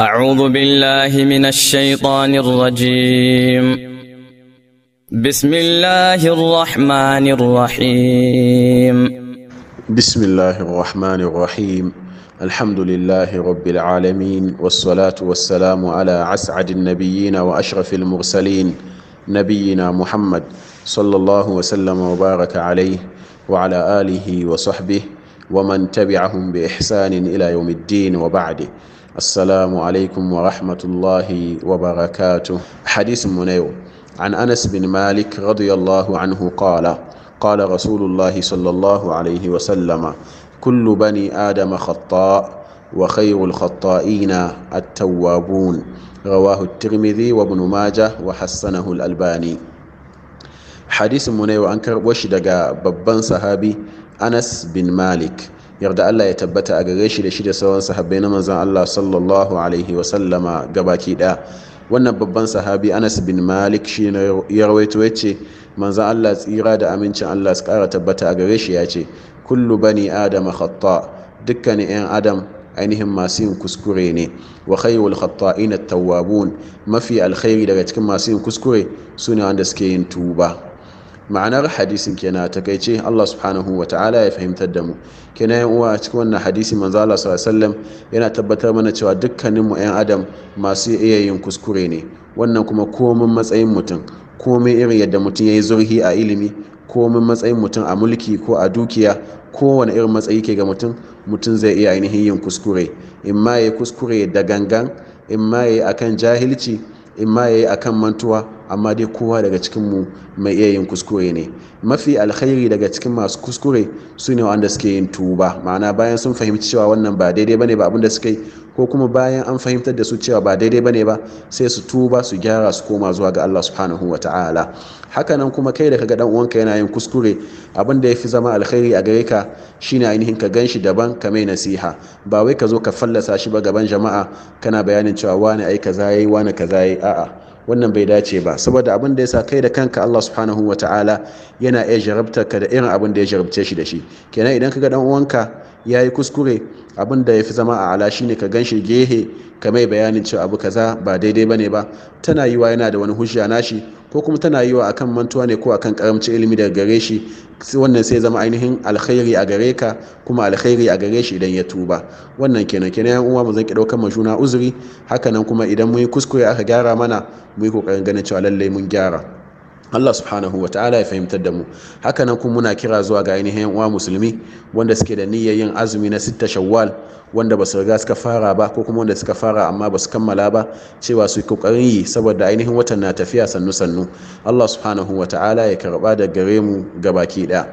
أعوذ بالله من الشيطان الرجيم بسم الله الرحمن الرحيم بسم الله الرحمن الرحيم الحمد لله رب العالمين والصلاة والسلام على أسعد النبيين وأشرف المرسلين نبينا محمد صلى الله وسلم وبارك عليه وعلى آله وصحبه ومن تبعهم بإحسان إلى يوم الدين وبعده السلام عليكم ورحمة الله وبركاته حديث منيو عن أنس بن مالك رضي الله عنه قال قال رسول الله صلى الله عليه وسلم كل بني آدم خطاء وخير الخطائين التوابون رواه الترمذي وابن ماجه وحسنه الألباني حديث منيو أنكر وشدق ببان صحابي أنس بن مالك yarda Allah ya tabbata a gare shi da shi da sauran sahabbai na manzon Allah sallallahu alaihi wa sallama gabaki da wannan babban sahabi Anas bin Malik shi ya rawaito yace manzon Allah tsira da amincin Allah su kara tabbata a gare shi yace kullu bani adama khata dukkanin yan adam ainihin masu yin kuskure ne wa khayrul at tawwabun mafi alkhairi daga cikin masu yin kuskure sune wanda suke yin tuba ma'anar hadisin kenan takaice Allah subhanahu wa ta'ala ya fahimtar da mu kenan yan uwa cikin wannan hadisi manzo Allah sallallahu alaihi wasallam yana tabbatar mana cewa dukkanin mu yan adam masu iya yin kuskure ne wannan kuma komai matsayin mutum komai irin yadda mutum yayi zurhi a ilimi komai matsayin mutum a mulki ko a dukiya kowane irin matsayi ke ga mutum mutum zai iya ainihin yin kuskure in ma yayi kuskure da gangan in ma yayi akan jahilci in ma yayi akan mantuwa amma dai kowa daga cikinmu mai iya yin kuskure ne mafi alkhairi daga cikin masu kuskure su ne wanda suke yin tuba ma'ana bayan sun fahimci cewa wannan ba daidai bane ba abinda suka yi ko kuma bayan an fahimtar da su cewa ba daidai bane ba sai su tuba su gyara su koma zuwa ga Allah subhanahu wa ta'ala hakanan kuma kai da kaga dan uwanka yana yin kuskure abin da yafi zama alkhairi a gare ka shine ainihin ka ganshi daban ka mai nasiha ba wai ka zo ka fallasa shi ba gaban jama'a kana bayanin cewa wani ai kaza yayi wani kaza yayi a'a wannan bai dace ba saboda abin da ya sa kai da kanka Allah subhanahu wa ta'ala yana iya jarabta ka da irin abin da ya jarabce shi da shi kenan idan kaga ga dan uwanka ya yi kuskure abin da ya fi zama a ala shine ka ganshi gehe ka mai bayanin cewa abu kaza ba daidai bane ba tana yiwa yana da wani hujja nashi ko kuma tana yi wa akan mantuwa ne ko akan karamci ilimi daga gare shi wannan sai zama ainihin alkhairi a gare ka kuma alkhairi a gare shi idan ya tuba wannan kenan kenan yan uwa mu zan ki daukar juna uzuri hakanan kuma idan mun yi kuskure aka gyara mana mu yi kokarin ganin cewa lallai mun gyara Allah subhanahu wa ta'ala ya fahimtar da mu haka nan kuma muna kira zuwa ga ainihin uwa musulmi wanda suke da niyyar yin azumi na sita shawwal wanda ba su riga suka fara ba ko kuma wanda suka fara amma ba su kammala ba cewa su kokarin yi saboda ainihin watan na tafiya sannu sannu Allah subhanahu wa ta'ala ya karba da gare mu gabaki daya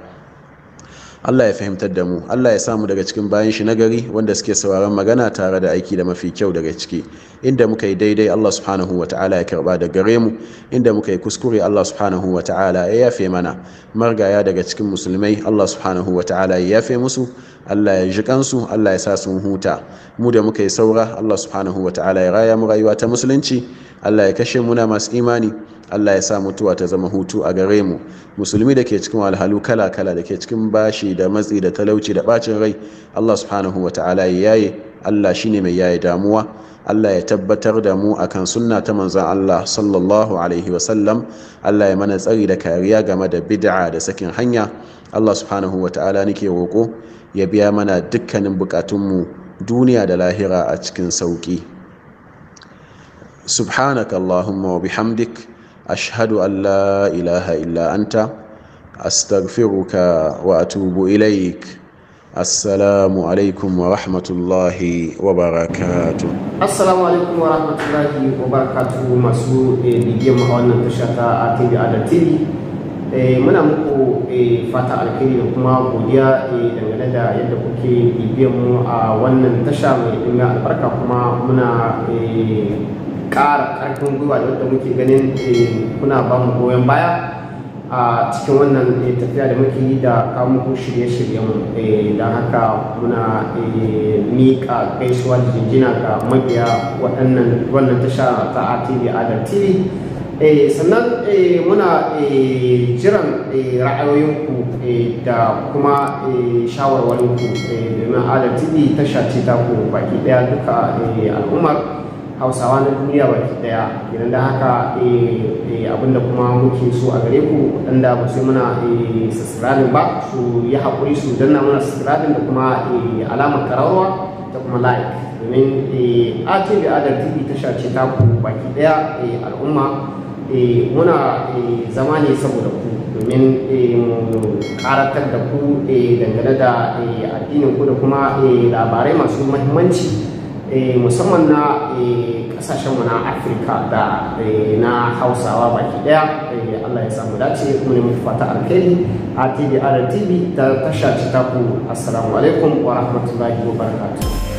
Allah ya fahimtar da mu Allah ya samu daga cikin bayan shi nagari wanda suke sauraron magana tare da aiki da mafi kyau daga ciki inda muka yi daidai Allah subhanahu wa ta'ala ya karba da gare mu inda muka yi kuskure Allah subhanahu wa ta'ala ya yafe mana margaya daga cikin musulmai Allah subhanahu wa ta'ala ya yafe musu Allah ya ji kansu Allah ya sa sun huta mu da muka yi saura Allah subhanahu wa ta'ala ya raya mu rayuwa ta musulunci Allah ya kashe mu na masu imani Allah ya sa mutuwa ta zama hutu a gare mu musulmi da ke cikin walhalu kala kala da ke cikin bashi da matsi da talauci da bacin rai Allah subhanahu wataala ya yaye Allah shine mai yaye damuwa Allah ya tabbatar da mu a kan sunna ta manzan Allah sallallahu alaihi wasallam Allah ya mana tsari da kariya game da bid'a da sakin hanya Allah subhanahu wataala nake roƙo ya biya mana dukkanin buƙatunmu duniya da lahira a cikin sauƙi Allahumma wa bihamdik ashhadu an la ilaha illa anta astaghfiruka wa atubu ilaik assalamu wa rahmatullahi wa barakatu assalamu alaikum wa rahmatullahi wa barakatu masu bidiyon wannan tasha ta atv ada tv muna muku fata alkhairi kuma godiya dangane da yadda kuke bibiyan mu a wannan tasha mai dinga albarka kuma muna ƙara ƙarfin gwiwa da wadda muke ganin eh, kuna ba mu goyon baya a cikin wannan eh, tafiya da muke yi da kawo muku shirye-shiryen mu eh, da haka muna miƙa gaisuwa da jinjina ga magiya waɗannan wannan tasha ta a adar tv sannan muna jiran ra'ayoyinku da kuma shawarwarinku domin adar tv tasha ce ta ku baki ɗaya duka al'ummar hausawa na duniya baki daya idan da haka eh, eh, abinda kuma muke so a gare ku waɗanda ba sai muna eh, subscribing ba su yi haƙuri su danna muna subscribing da kuma alamar kararwa ta kuma like domin da adar tv tasha ce ta ku baki daya al'umma muna zama ne saboda ku domin mu karatar da ku dangane da addinin ku da kuma labarai masu muhimmanci Eh, musamman na eh, kasashen mu na afirka da eh, na hausawa baki daya allah ya samu dace kuma ne mafi fata alkali a tv tv ta tasha ta ku assalamu alaikum wa rahmatullahi wa barakatuh